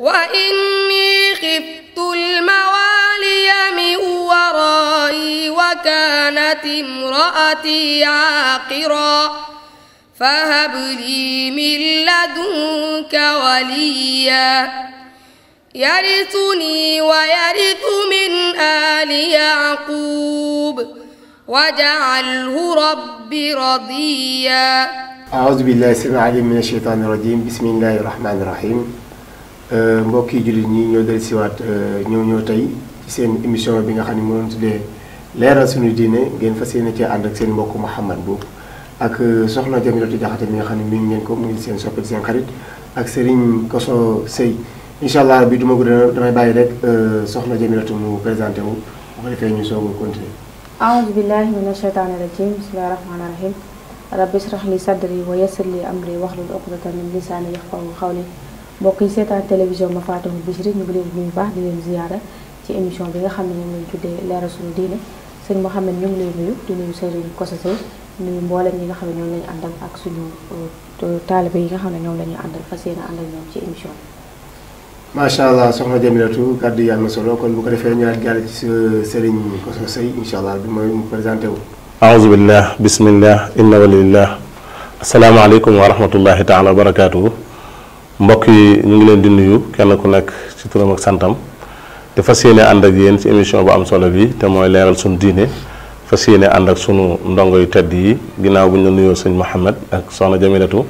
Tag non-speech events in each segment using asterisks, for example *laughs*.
وإني خفت الموالي من ورائي وكانت امرأتي عاقرا فهب لي من لدنك وليا يرثني ويرث من آل يعقوب واجعله رب رضيا أعوذ بالله السميع العليم من الشيطان الرجيم بسم الله الرحمن الرحيم Euh, mbokki jullit ñi ñoo del siwaat euh, ñëw ñëw tey ci seen émission bi nga xam ne mënoon tuddee leeral suñu diine ngeen fas yéene cee ànd ak seen mbokku Mouhamad boobu ak euh, soxna Jamilatu Jaxate mi nga xam ne mi ngi ngeen ko mu ngi seen di seen xarit ak Serigne Koso Sey incha allah bi duma gudd damay bàyyi rek soxna Jamilatu mu présenté wu bu ko defee ñu soog a continuer aouzu billahi mina sheytaani rajim bismillahi rahmaani rahim rabbi israh li sadri wa yassir li amri wahlul uqdatan min lisaani mbokk yi seetaan télévision ma Fatou Bichri ñu ngi leen di nuyu baax di leen ziyaara ci émission bi nga xam ne moom lañ tuddee leeral suñu diine sëñ Mouhamed ñu ngi lay nuyu di nuyu sëriñ Kosso Seye nuyu mboolem ñi nga xam ne ñoom lañu àndal ak suñu euh, taalibe yi nga xam ne ñoom la ñu àndal fas yéene àndal ñoom ci émission bi. macha allah soxna Jaminatu kàddu yi am na solo kon bu ko defee ñaar naan jàll ci sëriñ Kosso Seye incha allah bi mooy mu présenté wu. aouzu billah bismillah inna walillah asalaamaaleykum wa rahmatullahi taala wa barakaatuhu mbokk yi ñu ngi leen di nuyu kenn ku nekk ci turam ak santam te fas yéene ànd ak yéen ci émission bu am solo bi te mooy leeral sunu diine fas yéene ànd ak suñu ndongo yu tedd yi ginnaaw bu ñu nuyoo sëñ Mouhamed ak soxna Jamilatu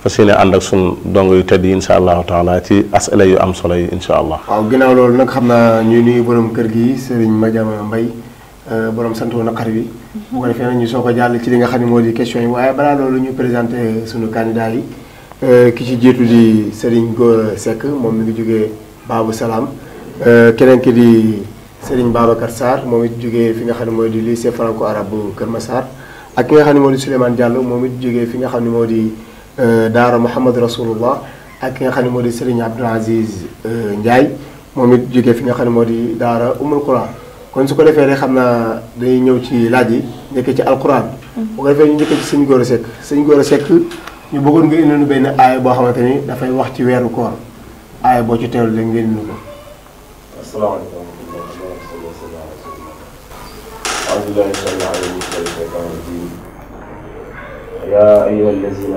fas yéene ànd ak sunu ndongo yu tedd yi incha allahu taala ci asala yu am solo yi incha allah. waaw ginnaaw loolu nag xam naa ñuy nuyu borom kër gi Serigne Madiama Mbaye euh, borom sant wu naqar bi bu ko defee nag ñu soo ko jàll ci li nga xam ne moo di question yi waaye balaa loolu ñu présenté suñu candidat yi. Euh, ki ci jiitu di Serigne Gora Seck moom mi ngi jógee Babou Salaam euh, keneen ki di Serigne Babacar Sarr moom it jógee fi nga xam ne mooy di lycée franco arabe bu Kër ma ak ki nga xam ne moo di Souleymane Diallo moom jógee fi nga xam ne moo di euh, Daara Mouhamad Rasulullah ak ki nga xam ne moo di Serigne Abdoul Aziz Ndiaye moom it jógee fi nga xam ne moo di Daara Umul Quran kon su ko defee rek xam naa dañuy ñëw ci laaj yi njëkkee ci alquran. bu mm-hmm. ko defee ñu ci sëñ Gora Seck sëñ Gora Seck. ñu bëggoon nga indil ñu benn aaya boo xamante ni dafay wax ci weeru koor aaya boo ci teewlu léegi ngeen indi ko. asalaamaaleykum. يا أيها الذين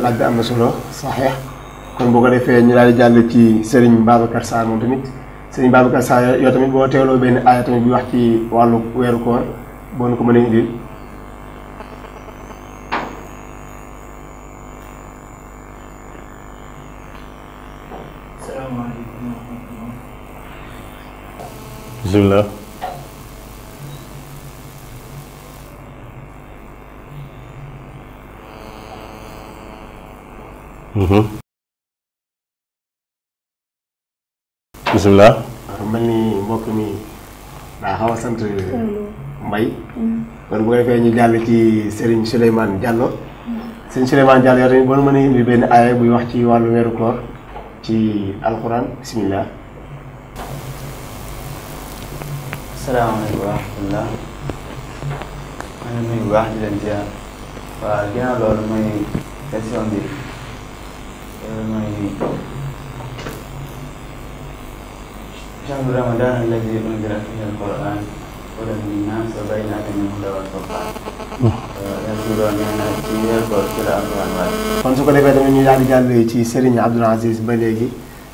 bi am na solo saxiix kon bu ko defee ñu daal di jàll ci sëriñ Babacar Sarr moom tamit. sëñ Babacar Sa yoo tamit boo teewloo benn aaya tamit bi wax ci wàllu weeru koor boo ko mënee indil bismillah mhm bisimilah. waaw mel ni mbokk mi daa xaw a sant ñu jàll ci Serigne Souleymane Diallo. Serigne Souleymane Diallo yow tamit boo mën a indi buy wax ci wàllu weeru koor ci alxuraan bisimilah. salaamaaleykum wa rahmatulah. maa ngi nuyu bu baax di leen ziar. waaw loolu mooy شهر رمضان الذي kon su ko defee tamit ñu daal jàll ci Serigne Abdoul Aziz ba léegi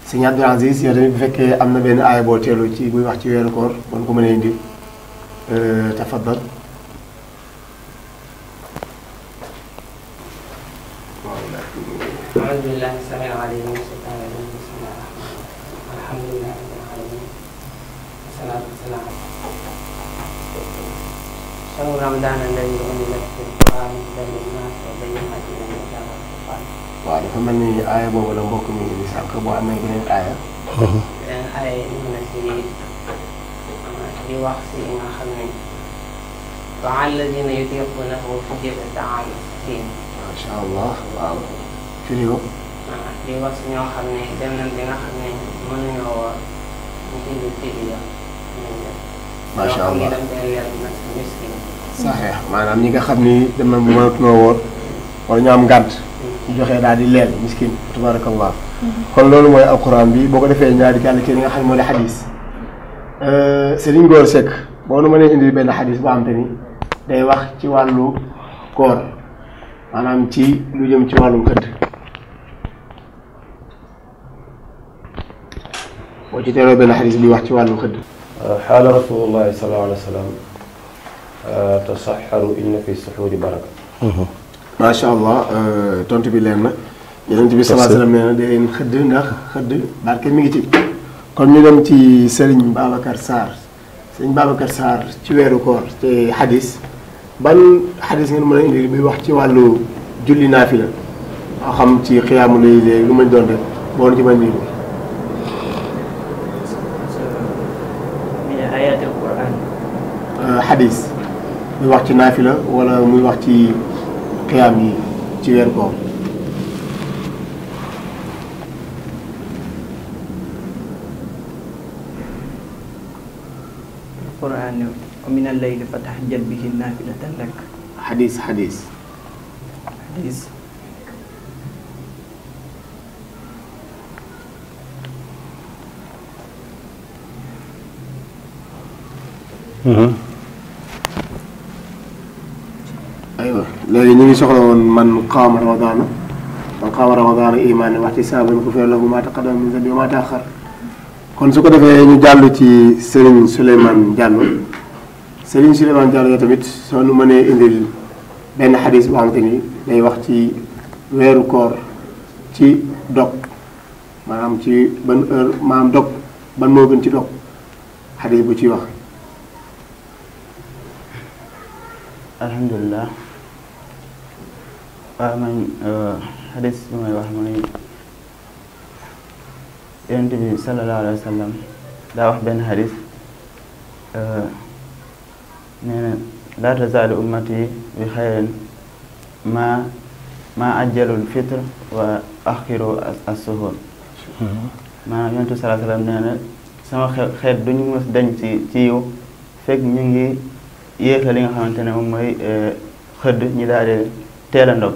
Serigne Abdoul Aziz yow tamit bu fekkee am na benn aaya teelu ci buy wax ci weeru koor mën ko mën a indi eh, tafaddal السلام السلام شهر رمضان الذي أنزل فيه القرآن هدى للناس وبينات من الهدى والفرقان waaw dafa mel ni aaya boobu la mbokk mi indi sànq boo amee beneen aaya. beneen aaya ñëw na si di wax si nga xam ne wa ala alladina yutiqunahu fidyatun ta'amu miskin. macha allah waaw. firi ko. di wax si ñoo xam ne dem nañ bi nga xam ne mënuñoo woor ñu indi fidya macha eh, maanaam ñi nga xam ni dama mënatoo woor wala ñu am ngànt ñu joxee daal di leel miskin tabarakallah mhm. kon loolu mooy alquran bi boo ko defee ñaari gàll ci li nga xam ne moo di xadis eh, Serigne Gor Seck boo nu mënee indi benn xadis boo xam te ni day wax ci wàllu koor maanaam ci lu jëm ci wàllum xëdd boo ci teeloo benn xadis bi wax ci wàllu xëdd xaala rasulullahi sallallahu alayhi wa sallam tasaxaru inna fi suxuuri baraka mhm. macha allah tontu bi leen na yonent bi sallallahu alayhi wa sallam nee na da leen xëdd ndax xëdd barke mi ngi ci kon ñu dem ci Serigne Babacar Sarr Serigne Babacar Sarr ci weeru koor te xadis ban xadis ngeen mën a indi bi wax ci wàllu julli naafila xam ci xiyaamu lay léegi lu mañ doon rek boo ci mën xadis muy wax ci naafila wala muy wax ci xiyaam yi ci weer koor alquran wa min al-layli fatahajjad bihi naafilatan lak xadis xadis xadis Mm-hmm. léegi ñu ngi soxla woon man qaama ramadaana man qaama ramadaana imaanan wa ihtisaaban gufira lahu maa taqaddama min zanbihi wa maa ta'axxar kon su ko defee ñu jàll ci Serigne Souleymane Diallo Serigne Souleymane Diallo yow tamit soo nu mënee indil benn xadis boo xamante ni day wax ci weeru koor ci dog maanaam ci ban heure maanaam dog ban moo gën ci dog xadis bu ciy wax. alhamdulilah. waaw man xadis euh, bi may wax mooy yonent bi sallallahu alayhi daa wax benn xadis euh, nee na laa ummati bi xayrin ma ma ajjalul fitr wa axiru as-suhur maanaam yonent bi sallallahu alayhi wa sallam nee na sama xeet duñu mës dañ ci ci yiw fekk ñu ngi yéex li nga xamante ne moom mooy euh, xëdd ñi daal teel a ndog.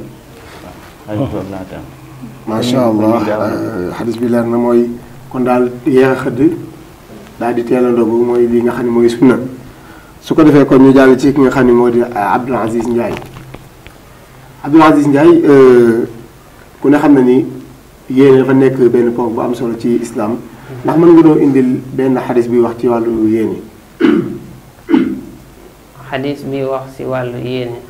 Oh. macha allah xadis euh, bi leer na mooy kon daal yéex xëdd daal di teel a mooy lii nga xam ne mooy sunna su ko defee kon ñu jàll ci ki nga xam ne moo di euh, Abdoul Aziz Ndiaye Abdoul Aziz Ndiaye euh, ku ne xam na ni yéene dafa nekk benn ponk bu am solo ci islaam ndax mën nga doon indil benn xadis bi wax ci wàllu yéene. xadis *coughs* bi wax ci wàllu yéene.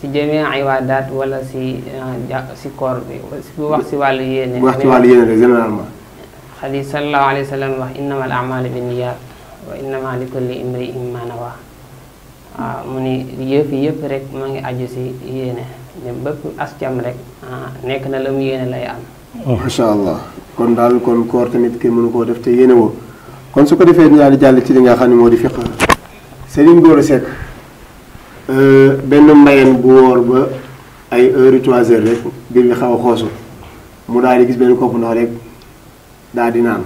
si jëmee ibaadaat wala si ah, si koor bi bu wax si wàllu yéene. wax ci wàll yéene rek généralement. xadis sallallahu alayhi wa sallam wax innama al bi niyaat wa innama li imri imma nawa ah, mu ni yëf yëpp rek ma ngi aju si yéene ne bépp ascam rek ah, nekk na la mu yéene lay am. Oh, macha allah kon daal kon koor tamit kenn mënu koo def te yéene kon su ko defee ñu daal jàll ci li xam ne moo di fiq Serigne Gora Seck. Euh, benn mbayeen bu woor ba ay heure trois heures rek biir bi xaw a xoosu mu daal di gis benn kopp ndox rek dal di naan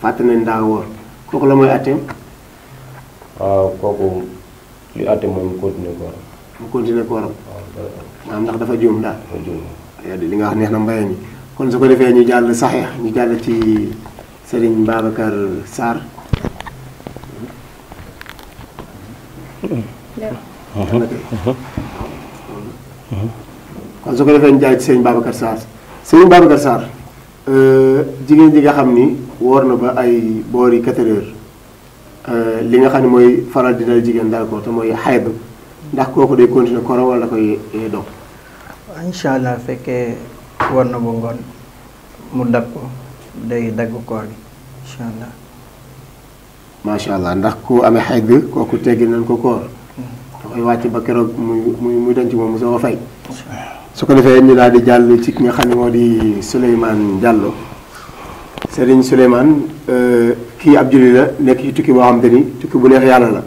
fàtte nañ daa wóor kooku la mooy atteem waaw kooku li atte mooy mu continuer kooram mu continuer kooram maanaam ndax dafa juum daal li nga wax neex na mbayeen yi kon su ko defee ñu jàll saxee ñu jàll ci Serigne Babacar Sarr kon su ko defee njaay seen sëñ Babacar Sarr sëñ Babacar euh, jigéen ji nga xam ni woor na ba ay boori quatre euh, li nga xam ne mooy faral di jigéen daal ko te mooy xayb ndax kooku day continuer koro wala koy eh, dog incha allah fekkee war na ba ngoon mu dagg ko day dagg koor gi incha allah macha allah ndax ku amee xayb kooku teggi nañ ko koor koy wàcc ba keroog muy muy muy denc moom mu soo fay. su ko defee ñu daal di jàll ci ki nga xam ne moo di Souleymane Diallo Serigne Souleymane euh, kii ab julli la lekk ci tukki boo xam te ni tukki bu neex yàlla la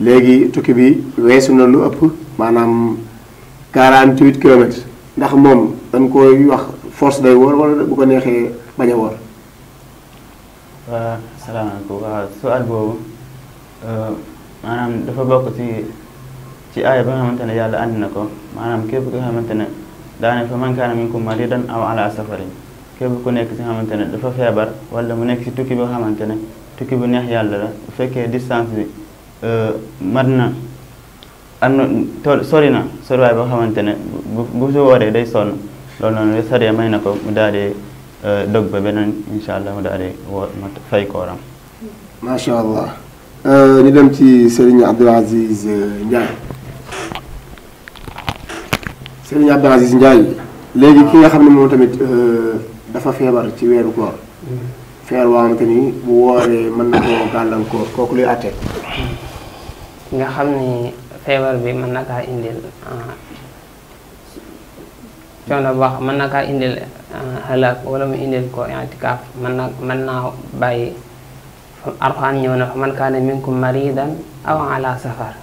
léegi tukki bi weesu na lu ëpp maanaam 48 kilomètres ndax moom dañ koy wax force day woor wala bu ko neexee bañ a woor. waaw al boobu euh, maanaam dafa bokk ci. ci aaya ba nga xamante ne yàlla andi na ko maanaam képp ki nga xamante ne daane fa man kaana minkum maridan aw ala safarin képp ku nekk si nga xamante ne dafa feebar wala mu nekk ci tukki boo xamante ne tukki bu neex yàlla la bu fekkee distance bi euh, mat na am na tool sori na soriwaay boo xamante ne bu bu su wooree day sonn loolu noonu may na ko mu daal di euh, dog ba benn incha allah mu daal di fay kooram. macha allah euh, ñu dem ci Serigne Abdoul Aziz Ndiaye. sëriñ Abdou léegi ki nga xam ne euh, dafa feebar ci weeru koor ni bu wooree mën koo gàllankoor kooku luy xam ni feebar bi man na kaa indil euh, coono baax mën na kaa indil xalaat euh, wala mu indil ko itikaaf mën na mën naa bàyyi Alxuraan ñëw na fa man kaana minkum maridan aw ala safar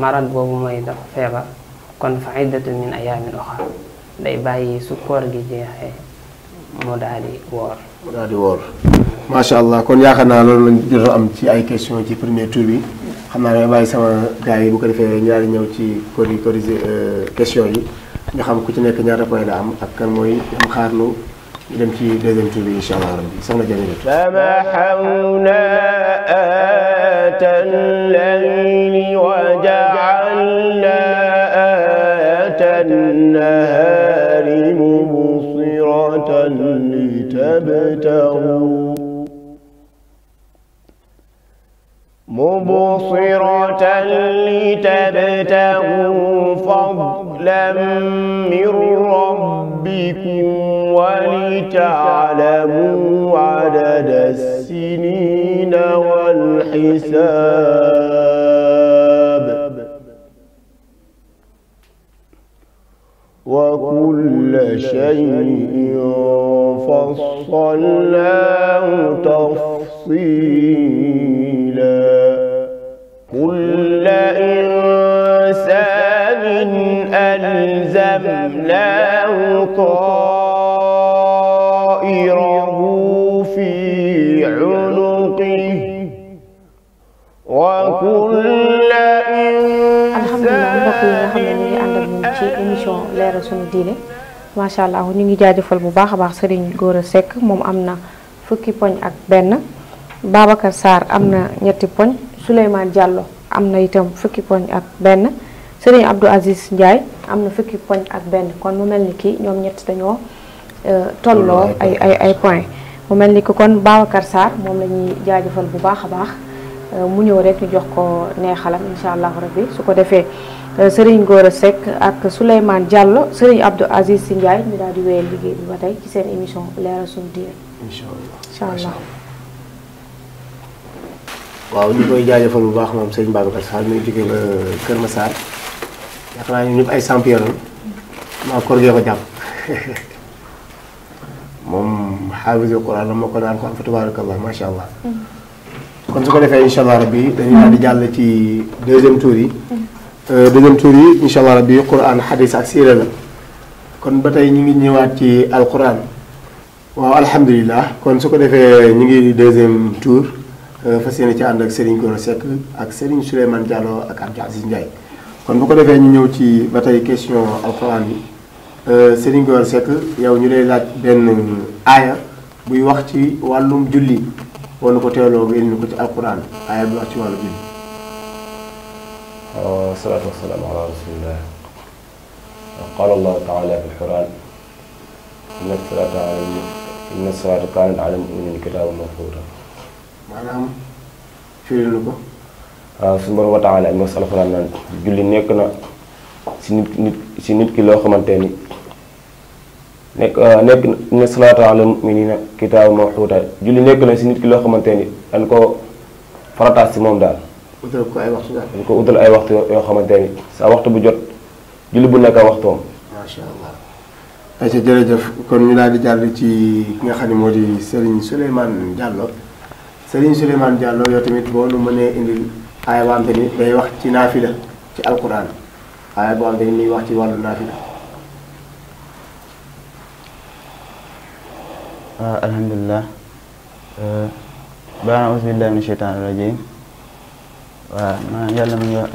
marad boobu mooy dafa feebar kon fa iddatu min day bàyyi su koor gi jeexee mu daal di woor. mu daal di woor macha allah kon yaakaar naa loolu lañ jot am ci ay question ci premier tour bi xam naa damay bàyyi sama gars yi bu ko defee ñaari ñëw ci cori cori euh, question yi ñu xam ku ci nekk ñaata point am ak kan mooy am xaarlu ñu dem ci deuxième tour bi incha allah rabbi soxna Jabi فمحونا آيات الليل فابتغوا مبصرة لتبتغوا فضلا من ربكم ولتعلموا عدد السنين والحساب وكل شيء فصلناه تفصيلا كل إنسان ألزمناه طائره في عنقه وكل mbokk yi nga xam ne ci émission leeral suñu diine macha allah ñu ngi jaajëfal bu baax a baax góor a sekk moom am na fukki poñ ak benn Babacar Sarr am na ñetti poñ Souleymane Diallo am na itam fukki poñ ak benn Serigne Abdou Aziz Ndiaye am na fukki poñ ak benn kon mu mel ni kii ñoom ñett dañoo tolloo ay ay ay points mu mel ni que kon Babacar Sarr moom la ñuy jaajëfal bu baax a baax euh, mu ñëw rek ñu jox ko neexalam incha allahu rabbi su ko defee Euh, Serigne Gora Seck ak Souleymane Diallo Serigne Abdou Aziz Sy Ndiaye ñu daal di wéyal liggéey bi ba tey ci seen émission leeral suñu diine. incha allah incha allah. waaw bu baax moom sëñ Babacar Sall mi naa ñu ay champion maa koor gee ko jàpp *laughs* moom xaafisul Quran allah. Mm-hmm. kon daal di jàll ci deuxième tour yi. Mm-hmm. Euh, deuxième tour yi incha allah rabbi quran xadis ak siira la kon ba tey ñu ngi ñëwaat ci alquran waaw alhamdulilah kon su ko defee ñu ngi deuxième tour euh, fas yéene ci ànd ak Serigne Gora Seck ak Serigne Souleymane Diallo ak Abdou Aziz Ndiaye kon bu ko defee ñu ñëw ci ba tey question alquran yi euh, Serigne Gora Seck yow ñu lay laaj benn aaya buy wax ci wàllum julli wala ko teeloo nga indi ko ci alquran aaya bi wax ci wàllu julli. والصلاة والسلام ah, Alxuraan julli nekk na si nit si nit ki loo xamante ni nekk ah, nekk na salaata ala mu'minina kitaabu mawquuta si nit ki loo xamante ni dañ farataas si moom daal. utal ko ay waxtu daal. dañ ko utal ay waxtu yoo xamante ne sa waxtu bu jot julli bu nekk waxtoom. macha allah. ayca jërëjëf kon ñu daal di jàll ci ki nga xam ne moo di sëriñ Souleymane Diallo sëriñ Souleymane Diallo yow tamit boo nu mënee indil aaya boo xamante ni day wax ci naafila ci alquran aaya boo xamante ni muy wax ci wàllu naafila. Ah, alhamdulilah euh, baana ausbillahi min sheytaan irajim waaw maanaam yàlla mi ngi wax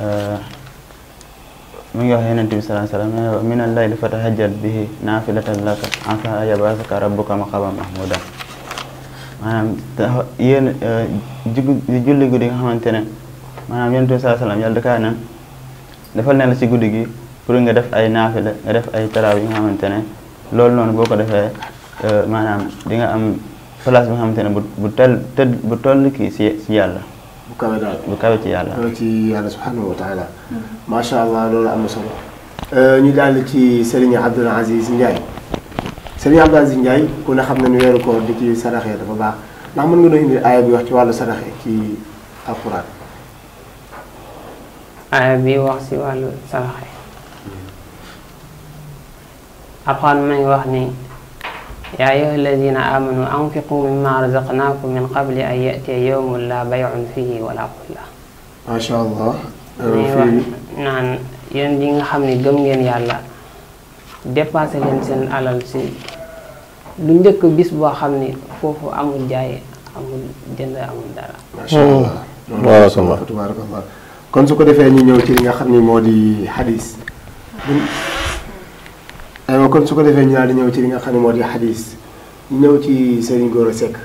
mi ngi wax yonent bi sallallahu alayhi wa sallam min al-layli fatahajjad bihi naafilatan laka asaa an yab'asaka rabbuka maqaaman mahmuuda maanaam tax yéen e, julli guddi nga xamante ne maanaam yonent bi sallallahu alayhi wa sallam yàlla dakaa ne si guddi gi pour nga def ay naafila nga def ay taraaw yi nga xamante ne loolu noonu boo ko defee e, maanaam di nga am place bi nga xamante ne bu bu tel bu toll kii si si yàlla bu kawe daal bu kawe ci yàlla. ci yàlla subhanahu hmm. macha allah loolu am na solo. Euh, ñu daal ci Serigne Abdoul Aziz Ndiaye Serigne Abdoul Aziz Ndiaye ku ne xam ne nu weeru koor di ci saraxee dafa baax ndax mën nga doon indi aaya bi wax ci wàllu saraxe ci alquran. aaya bi wax ci wàllu saraxe. Hmm. alquran ma ngi wax ni. يا أيها الذين آمنوا أنفقوا مما رزقناكم من قبل أن يأتي يوم لا بيع فيه ولا خلة ما شاء الله naan yéen ñi nga xam ne gëm ngeen yàlla depase leen seen alal si lu njëkk bis boo xam ne foofu amul jaay amul jënd amul dara. macha allah hmm. allah kon su ko defee ñu ñëw ci nga xam ne moo di xadis. Hmm. aywa kon su ko defee ñu daal di ñëw ci li nga xam ne moo di xadis ñëw ci Serigne Gora Seck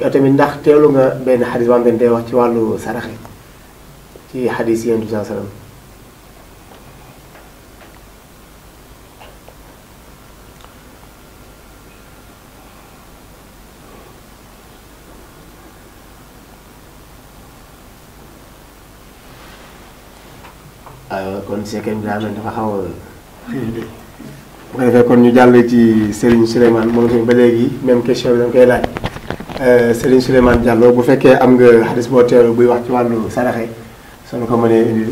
yow tamit ndax teelu nga benn xadis boo xam day wax ci wàllu saraxe ci xadis yéen du saa salaam. kon Seck dafa xaw bu ko defee kon ñu jàll ci Serigne Souleymane moom tamit ba léegi même question bi dañ koy laaj euh, Serigne Souleymane Diallo bu fekkee am nga xadis boo teelu buy wax ci wàllu saraxe soo ko mënee indil.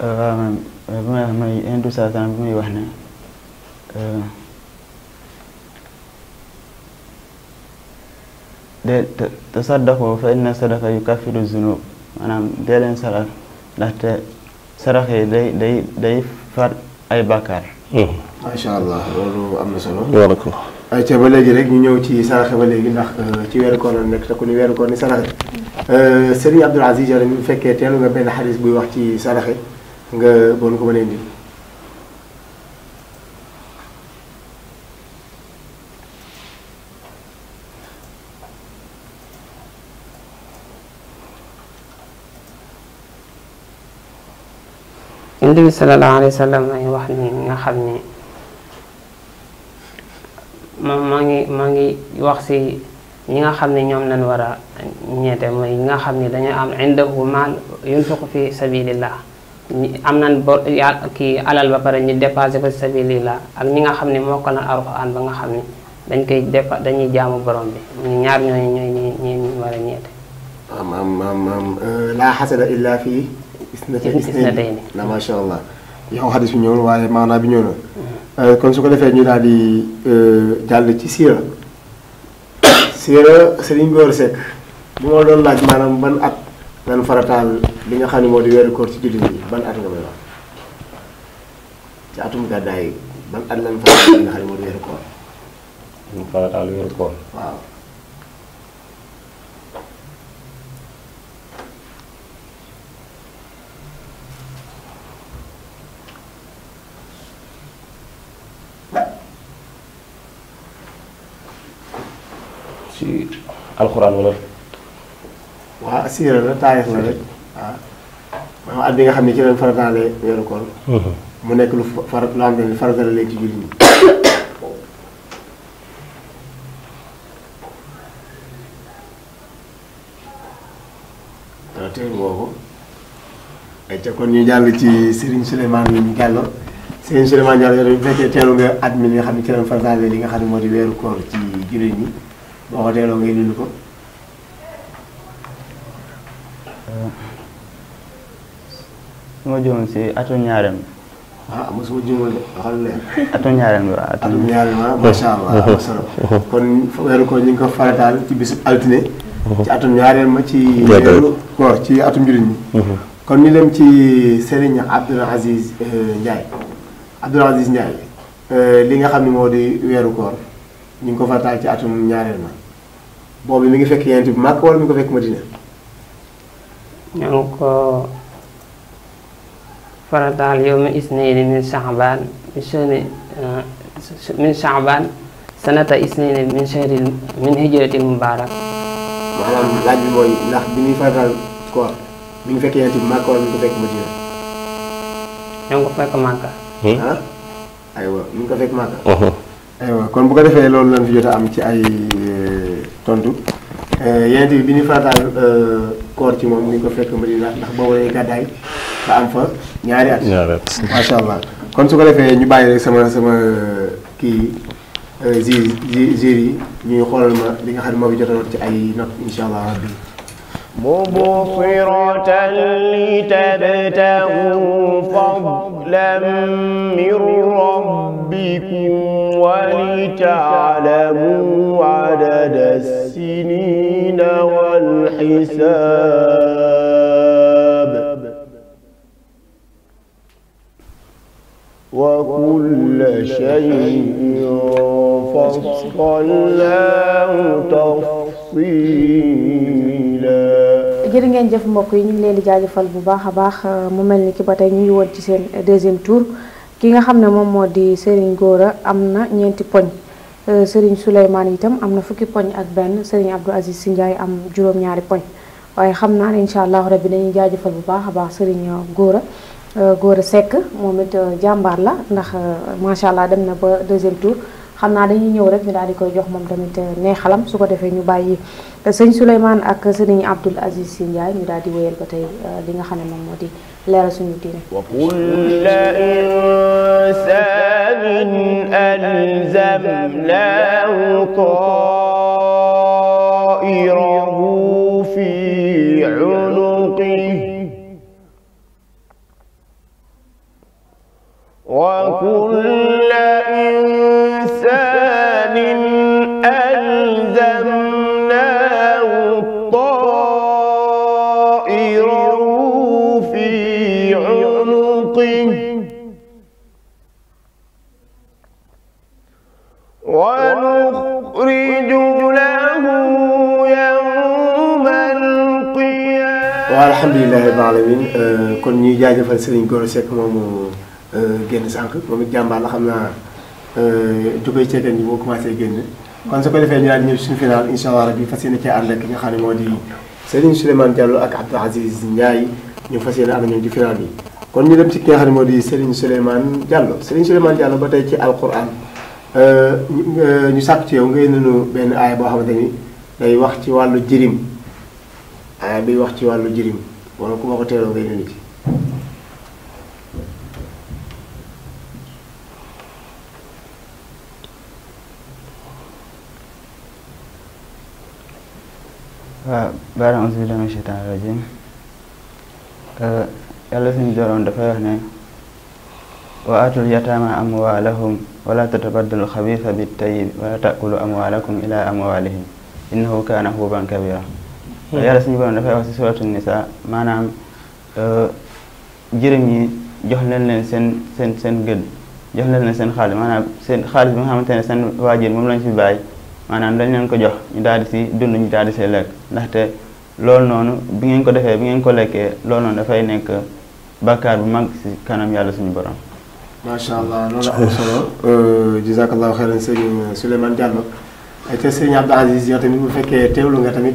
waaw euh, man wax mooy indi saa bi muy wax ne euh, de tasaddaqu fa inna maanaam dee leen sarax ndaxte sarax yi day day day far ay bàkkaar. Hmm. macha allah loolu am na solo. ay ca ba léegi rek ñu ñëw ci saraxe ba léegi ndax euh, ci weeru koor la nekk te ku ni weeru koor ni saraxe hmm. euh, sëriñ Abdoul Aziz Diallo bu fekkee teelu nga benn xadis buy wax ci saraxe nga bon ko mënee indi. yonent bi salallaahu alayhi wax ni nga xam ni moom maa ngi maa ngi wax si ñi nga xam ne ñoom lañ war a ñeete mooy ñi nga xam ni dañuy am indahu maal yunfiqu am nañ bo kii alal ba pare ñu dépassé ko sabilillah ak ñi nga xam ne moo ko na alxuraan ba nga xam ni dañ koy dépa dañuy jaamu borom bi ñu ñaar ñooñu ñooy ñi ñi war a ñeete. Euh, laa xasada illa fii. is na tey nii macha allah yow xadis bi ñëwul waaye maanaa bi ñëw na euh, kon su ko defee ñu daal di euh, jàll ci siira siira Serigne Gora Seck bu ma doon laaj maanaam ban at nan farataal li nga xam ne moo di weeru koor ci jullit yi ban at nga may wax ci atum gàddaay ban at lan farataal li nga xam ne moo di weeru koor. farataal weeru koor waaw. si alxuraan wala. waaw siira la taarix la rek waaw ah. maanaam at bi nga xam ne ci lañ farataale weeru koor. Mhm. mu nekk lu far loo xam ne farata la ci jullit ñi. waaw ah, ñu jàll ci Serigne Souleymane mi xam ne ci lañ farataale li nga xam ne moo di weeru ci jullit ñi. boo ko delloo nga indil ko. su ma juum si atum ñaareel mi. ah ñaareel mi waaw atum solo kon weeru ko ñu ngi ko farataal ci bisub altine. ci atum ñaareel ma ci. weeru koor ci atum njuriñ mi. kon ñu dem ci Serigne Abdoul Aziz eh, Ndiaye Abdoul Aziz Ndiaye eh, li nga xam ne moo di weeru koor ñu ngi ko farataal ci atum ñaareel ma. boobu mi ngi fekk yonent bi Màkka wala mi ngi ko fekk Madina. ñoo ngi koor eh, mi ngi ko fekk Madina. ñoo ngi ko fekk Màkka. Hmm? ah aywa ngi ko fekk Màkka. Uh-huh. kon bu ko defee loolu lañ fi jot am ci ay euh, tontu euh, yonent bi bi ñu farataal euh, koor ci moom ni ñu ko fekk Madina ndax boobu lay gàddaay ba am fa ñaari at. ñaari macha allah kon su ko defee ñu bàyyi rek sama sama kii zi zi ziir yi ñuy xoolal ma bi nga xam ne moo fi jot a ci ay not incha allah rabbi. مبصرة لتبتغوا فضلا فضلا من ربكم ولتعلموا عدد السنين والحساب وكل شيء فصلناه تفصيلا jërë ngeen jëf mbokk yi ñu ngi leen di jaajëfal bu baax a baax mu mel ni ki ba tey ñu ngi woon ci seen deuxième tour ki nga xam ne moom moo di Serigne Gora am na ñeenti poñ euh, Serigne Souleymane itam am na fukki poñ ak benn Serigne Abdou Aziz Sy Ndiaye am juróom-ñaari poñ waaye xam naa ne incha allah bi dañuy jaajëfal bu baax a baax Serigne Gora euh, Gora Seck moom it euh, jàmbaar la ndax macha allah dem na ba deuxième tour. xam naa dañuy ñëw rek ñu daal di koy jox moom tamit euh, neexalam su ko defee ñu bàyyi euh, sëñ Souleymane ak sëriñ Abdoul Aziz Sy Ndiaye ñu daal di wéyal ba tey euh, li nga xam ne moom moo di leeral suñu diine wa kulla insanin alzamnaahu taa'irahu fi unuqihi wa kulla alhamdulilah rabbil alamin euh, kon ñuy jaajëfal Serigne Gora Seck moomu euh, génn sànq moom it jàmbaar la xam naa dugay euh, ceeteen bi boo commencé génn. kon su ko defee ñu daal ñëw suñu final fas yéene cee ànd ak ki xam ne moo di Serigne Souleymane Diallo ak Abdou Aziz Ndiaye ñu fas yéene ànd ñoom ci final bi. kon ñu dem ci ki nga xam ne moo di Serigne Souleymane Diallo Serigne Souleymane Diallo ba tey ci al alquran ñu sàkk ci yow ngay nanu benn aaya boo xamante ni day wax ci wàllu jirim aaya bi wax ci wàllu jirim wala ku ma ko teeloo ngay dund ci waaw rajiim euh, yàlla suñu amwaalahum wala tatabaddalu xabiisa bit wala taakulu amwaalakum ila amwaalihim innahu kaana huban kabira Hmm. yàlla suñu borom dafay wax si suratu nisa maanaam euh, jërëm yi jox leen leen seen seen seen gëdd jox leen leen seen xaalis maanaam seen xaalis bi nga xamante ne seen waajur moom lañ fi bàyyi maanaam dañ leen ko jox ñu daal di si dund ñu daal di see lekk ndaxte loolu noonu bi ngeen ko defee bi ngeen ko lekkee lool noonu dafay nekk bàkkaar bu mag si kanam yàlla suñu borom. macha allah loolu am solo euh, jazakallahu xeyran sëñ Souleymane Diallo ay te sëñ Abdou tamit.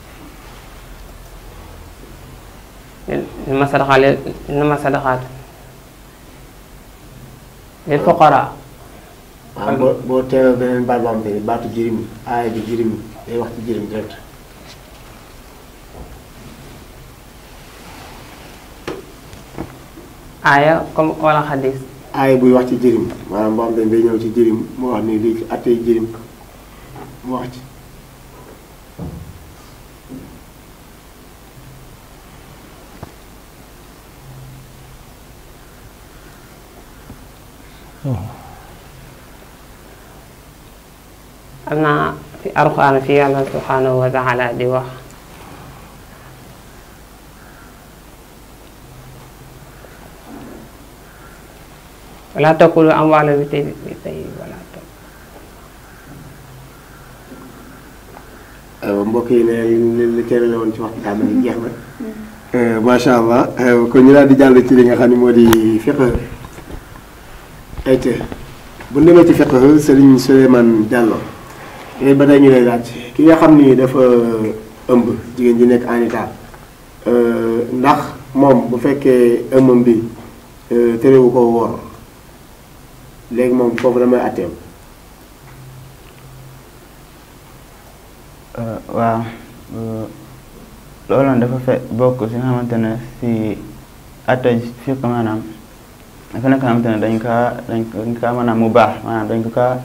li ma sadaxaa li ma sadaxaat lil foqara waaw boo boo teeloo beneen baat boo xam baatu jirim aaya bi jirim day wax ci jirim direct aaya comme wala xadis aaya buy wax ci jirim maanaam boo xam ne ñëw ci jirim moo wax ni lii attey jirim mu wax ci xam naa fi alxuraan fi yàlla subhaanahu wa di wax wala takkulu am wàllu bi tey bi tey wala takk mbokk yi ne li teelale woon ci waxtaan bi jeex na mm-hmm. eh, macha allah eh, kon ñu daal di jàll ci li nga xam ne moo di fiqh ayca bu ñu demee ci fekk Serigne Souleymane Diallo yooyu eh, ba tey ñu lay laaj ki nga xam ni dafa euh, ëmb jigéen ji nekk en état euh, ndax moom bu fekkee ëmbam bi euh, terewu ko woor léegi moom foofu damay atteem. waaw dafa fe bokk si nga xamante ne si atte fekk dafa nekk xamante ne dañ kaa dañ kaa naa mu baax maanaam dañ ko kaa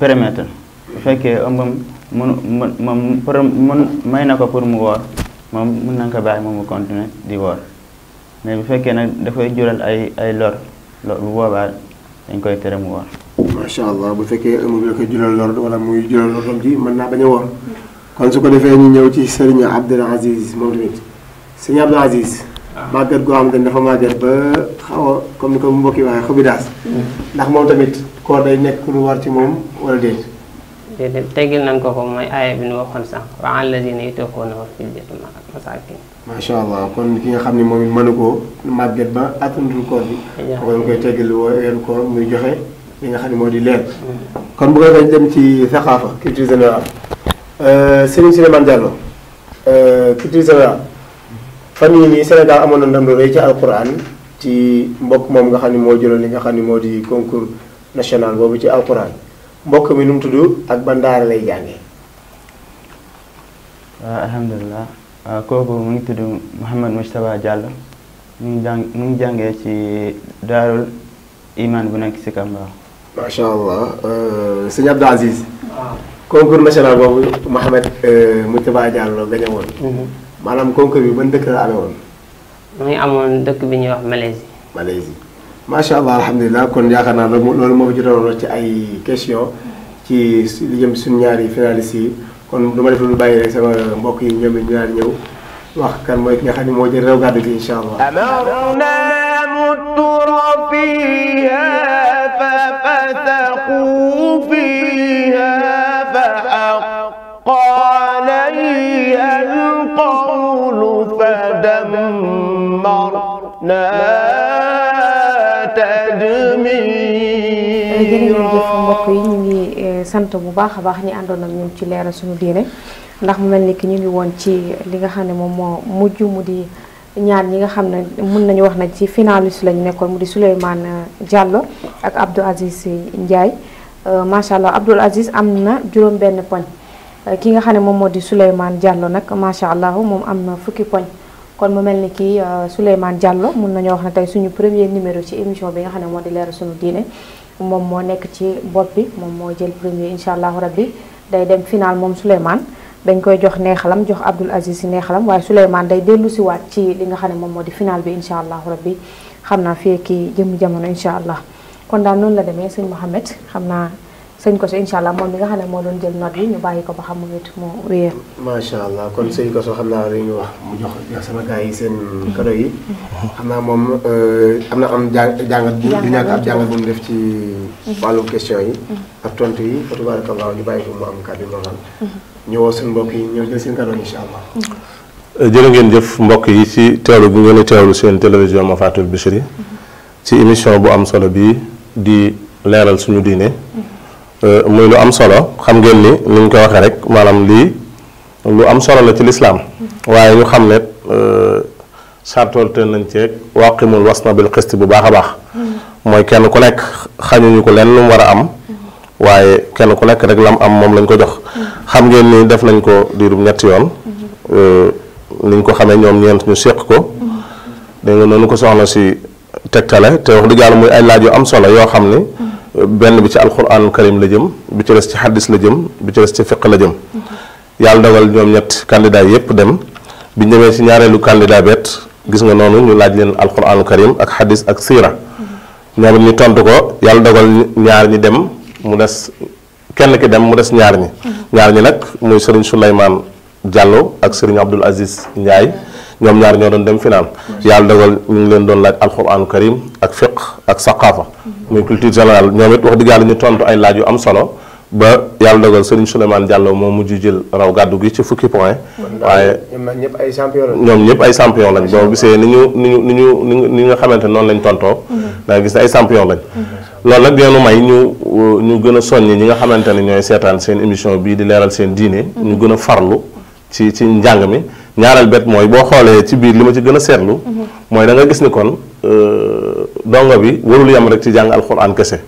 permettre bu fekkee ëmbam mënu mën moom pour mën may na ko pour mu woor moom mën nañ ko bàyyi moom mu continuer di woor mais bu fekkee nag dafay jural ay ay lor lor bu boobaa dañ koy tere mu woor. macha allah bu fekkee ëmbam la koy jural lor wala muy jural lor doom mën naa bañ a woor kon su ko defee ñu ñëw ci Serigne Abdoul Aziz moom tamit Serigne Abdoul Aziz. màggat goo a comme ni ko mbokki waxee xubidaas ndax moom tamit koor day nekk lu ci moom wala déet déedéet nañ ko ko mooy aaya bi nu waxoon sànq wa alladina yutookoona wa fil yatama masakin allah kon ki nga xam ne moom it mënu ko màggat ba attundul koor bi ko ñu koy teggil weeru koor muy joxe ki nga xam ne moo di leer mm. kon bu ko dem ci saxaafa culture générale euh, Serigne Souleymane Diallo euh, culture générale fan yii nii Sénégal amoon na ndam lu rëy ci alquran ci mbokk moom nga xam ni moo jëloon li nga xam ne moo di concours national boobu ci alquran mbokk mi nu mu tudd ak ban daara lay jàngee. waaw ah, alhamdulilah ah, kooku mu ngi tudd Mouhamed Moustapha Diallo mu ngi jàng mu jàngee ci daarul iman bu nekk si Kambaaw. macha allah euh, sëñ Abdou Aziz. Ah. concours national boobu Mouhamed euh, Moustapha Diallo gañe woon. Mhm. maanaam concours bi ban dëkk la amee woon. mu ngi amoon dëkk bi ñuy wax Malaisie. Malaisie macha allah alhamdulilah kon yaakaar naa loolu moo fi jotoon ci ay question ci li jëm suñu ñaari finalistes yi kon du ma def lu bàyyi rek sama mbokk yi ñoom ñu naan ñëw wax kan mooy ki moo jël réew gàddu gi incha allah. jërëngeen jëf mbokk yi ñu ngi eh, sant bu baax a baax ñi àndoon ak ñun ci leeral suñu diine ndax mu mel ni ki ñu ngi woon ci li nga xam ne moom moo mujj mu di ñaar ñi nga xam ne mun nañu wax na ci finaliste lañu nekkoon mu di Souleymane eh, Diallo ak Abdou Aziz Ndiaye eh, macha allah Abdou Aziz am na juróom poñ ki nga xam ne moom moo di Souleymane Diallo nag macha allah moom am na fukki poñ kon mu mel ni kii Souleymane Diallo mun nañoo wax ne tey suñu premier numéro ci émission bi nga xam ne moo di leeral suñu diine moom moo nekk ci bopp bi moom moo jël premier incha allahu bi day dem final moom Souleymane dañ koy jox neexalam jox Abdoul Aziz si neexalam waaye Souleymane day dellu si waat ci li nga xam ne moom moo di final bi incha allahu bi xam naa fii kii jëm jamono incha allah kon daal noonu la demee sëñ Mohamed xam naa sëñ Koso incha allah moom mi nga xam ne moo doon jël note bi ñu bàyyi ko ba xam mu it moo macha allah kon sëñ Koso xam naa dañuy wax mu jox jox sama gars yi seen kado yi. xam naa moom euh, am na am jàngat bu du ñàkk ab jàngat bu mu def ci wàllu question yi. ak tontu yi fa tabarakallah ñu bàyyi ko mu am kàddu yi ñu woo seen mbokk yi ñëw jël seen kado incha allah. jërë ngeen jëf mbokk yi ci teelu bu ngeen a teewlu seen télévision Mafatul Bichri ci émission bu am solo bi di leeral suñu diine. Euh, muy lu am solo xam ngeen ni ni ñu ko waxee rek maanaam lii lu am solo la ci lislaam waaye ñu xam ne sartool euh, te nañ ceeg waqimul wasna bil xist bu baax a baax mooy kenn ku nekk xañuñu ko lenn lu mu war a am waaye kenn ku nekk rek lam am moom lañ ko jox xam ngeen ni def nañ ko diirum ñetti yoon euh, niñ ko xamee ñoom ñeent ñu séq ko dégg nga noonu ko soxna si tegtale te wax dëgg yàlla muy ay laaj yu am solo yoo xam ni benn bi ci alquranul karim la jëm bi ci des ci xaddis la jëm bi ci des ci fiq la jëm yàlla dogal ñoom ñett candidat yépp dem bi ñëwee ci ñaareelu candidat bet gis nga noonu ñu laaj leen alquranul karim ak xaddis ak siira ñoom ñu tontu ko yàlla dogal ñaar ñi dem mu des kenn ki dem mu des ñaar ñi ñaar ñi nag muy sëriñ Souleymane Diallo ak sëriñ Abdul Aziz Ndiaye ñoom ñaar ñoo doon dem finaal yàlla dogal ñu leen doon laaj alxuraanu karim ak fiq ak saqaafa muy culture générale ñoom it wax dëgg yàlla ñu tontu ay laaj yu am solo ba yàlla dogal Serigne Souleymane Diallo moo mujj jël raw gàddu gi ci fukki point waaye ñoom ñëpp ay champion lañ boo gisee ni ñu ni ñu ni ñu ni nga xamante noonu lañ tontoo mm-hmm. da gis ne ay champion lañ mm-hmm. loolu nag dinañu may ñu ñu gën a soññ ñi nga xamante ne ñooy seetaan seen émission bii di leeral seen diine mm-hmm. ñu gën a farlu ci ci njàng mi ñaareel bet mooy boo xoolee ci biir li ma ci gën a seetlu mooy da nga gis ni kon euh, dongo bi warul yam rek ci jàng alxuraan kese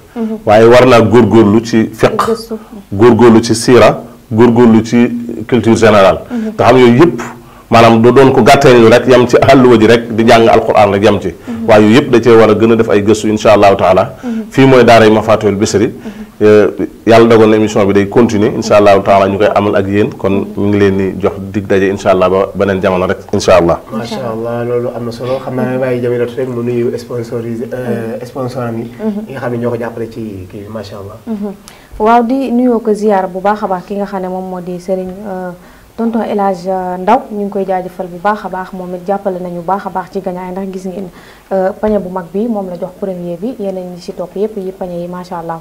waaye war naa góor góorgóorlu ci fiq góorgóorlu ci siira góorgóorlu ci culture générale mhm. te xam yooyu yëpp maanaam du doon ko gàtteelu rek yam ci àlluwa ji rek di jàng alxuraan rek yam ci mhm. waaye yooyu yëpp da cee war a gën a def ay gëstu insha allah taala mhm. fii mooy daaray Mafatihul Bichri Euh, yàlla dogal na émission bi day continuer incha allahu taala ñu koy amal ak yéen kon ñu ngi leen di jox dig daje incha allah ba beneen jamono rek incha allah. macha allah loolu am na solo xam naa ne bàyyi Jamilatu rek mu nuyu sponsorisé euh, sponsor mhm. yi. nga xam ne ñoo ko jàppale ci kii bi macha allah. Mhm. waaw di nuyoo ko ziar bu baax a baax ki nga xam ne moom moo di Serigne. Euh, tonton El Hadj euh, Ndaw ñu ngi koy jaajëfal bu baax a baax moom it jàppale nañu baax a baax ci gañaay ndax gis ngeen euh, pañe bu mag bi moom la jox premier bi yeneen ñi ci topp yépp yi pañe yi macha allah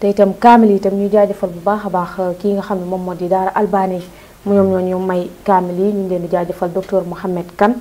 te itam kaamil yi itam ñu jaajëfal bu baax a baax euh, kii nga xam ne moom moo di daara Albani mu ñoom ñoo ñu may kaamil yi ñu ngi leen di jaajëfal docteur Mouhamed Kane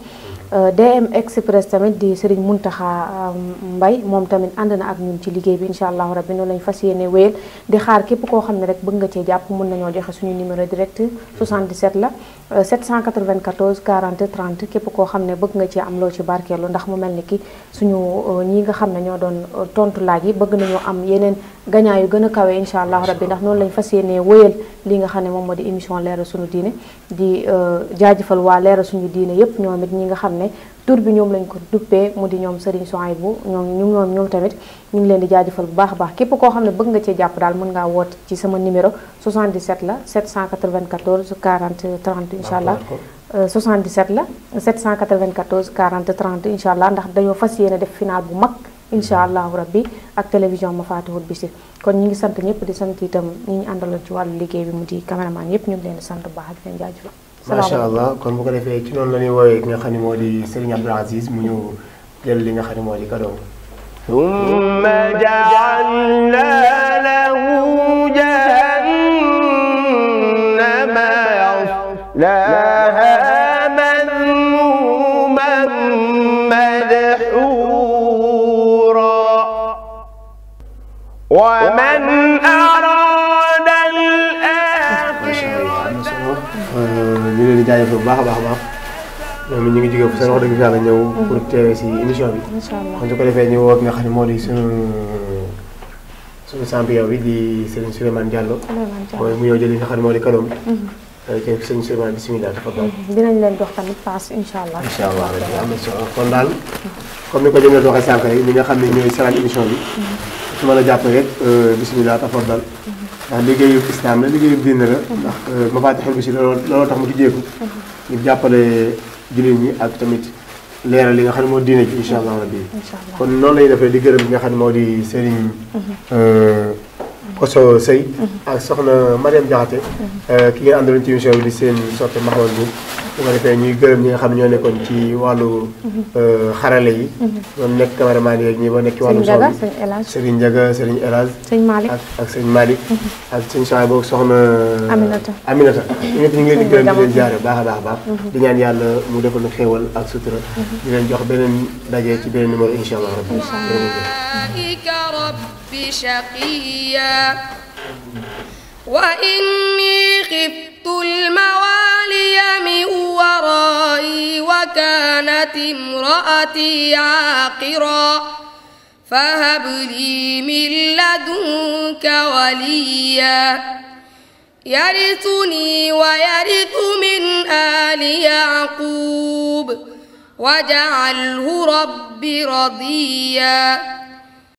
Euh, DM Express tamit di Serigne Mountakha euh, mbay moom tamit ànd na ak ñun ci liggéey bi incha allahu rabbi noonu lañ fas yéene wéyal di xaar képp koo xam ne rek bëgg nga cee jàpp mun nañoo joxe suñu numéro direct 77 la 794 42 30 képp koo xam ne bëgg nga ci am loo ci barkeelu ndax mu mel ni ki suñu euh, ñi nga xam ne ñoo doon euh, tontu laaj yi bëgg nañoo am yeneen gañaa yu gën a kawe incha allah rabbi ndax noonu lañ fas yéenee wéyal li nga xam ne moom moo di émission leeral suñu diine di euh, jaajëfal waa leeral suñu diine yépp ñoom it ñi nga xam ne tur bi ñoom lañ ko duppee mu di ñoom Serigne Souhaïbou ñoom ñu ñoom ñoom tamit ñu ngi leen di jaajëfal bu baax baax képp koo xam ne bëgg nga cee jàpp daal mën ngaa woote ci sama numéro 77 la 794 40 30 incha allah euh, 77 la 794 40 30 incha allah ndax dañoo fas yéene def final bu mag incha mhm. allahu rabbi ak télévision ma faatihul bisir kon ñu ngi sant ñëpp di sant itam ñi ñu àndaloon ci wàllu liggéey bi mu di caméraman yëpp ñu ngi leen di sant bu baax di leen macha allah kon bu ko defee ci noonu la ñuy woowee ki nga xam ne moo di Serigne Abdoul Aziz mu ñëw jël li nga xam ne moo di kadoom. jaajëfal bu baax a baax a baax ñoom ñu ngi jógee fu seen wax dëgg yàlla ñëw pour teewe si émission bi. incha allah ko defee ñu woo nga xam ne moo di suñu suñu champion bi di sëñ Souleymane Diallo. mooy mu ñëw jël nga xam ne moo di kaloom. kay sëñ Souleymane bisimilah dafa baax. Mhm. dinañ leen jox tamit paas incha allah. am na solo daal comme ni ko jëndee waxee sànq rek ñi nga xam ne ñooy saraan émission bi. Mhm. su ma la jàppee rek euh, bisimilah tafor daal. Mhm. ndax liggéeyu islaam la liggéeyu diine la ndax euh, mafaatixul bi si looloo tax mu tijjeeku mhm. ngir jàppale jullit ñi ak tamit leeral li nga xam ne moo diine ji incha allah rabbi kon noonu lañuy defee di gërëm bi nga xam ne moo di Serigne Koso mhm. euh, Sey mhm. ak soxna Mariam Jaxate euh, ki ngeen àndaloon ci émission bi di seen sorte Makhwan bi bu ko defee ñuy gërëm ñi nga xam ñoo nekkoon ci wàllu mhm. euh, xarale yi mhm. ñoom nekk cameraman yeeg ñi ba nekk ci wàllu son bi Serigne Ndiaga Serigne El Hadj Serigne Malick ak Serigne Malick mhm. ak Serigne Soxna boobu soxna Aminata Aminata ñëpp ñu ngi leen di gërëm di leen jaare baax a baax baax di ñaan yàlla mu defal ñu xéewal ak sutura di leen jox beneen dajee ci beneen numéro insha allah rabbi شقيا وإني خفت خفت الموالي من ورائي وكانت امرأتي عاقرا فهب لي من لدنك وليا يرثني ويرث من آل يعقوب واجعله رب رضيا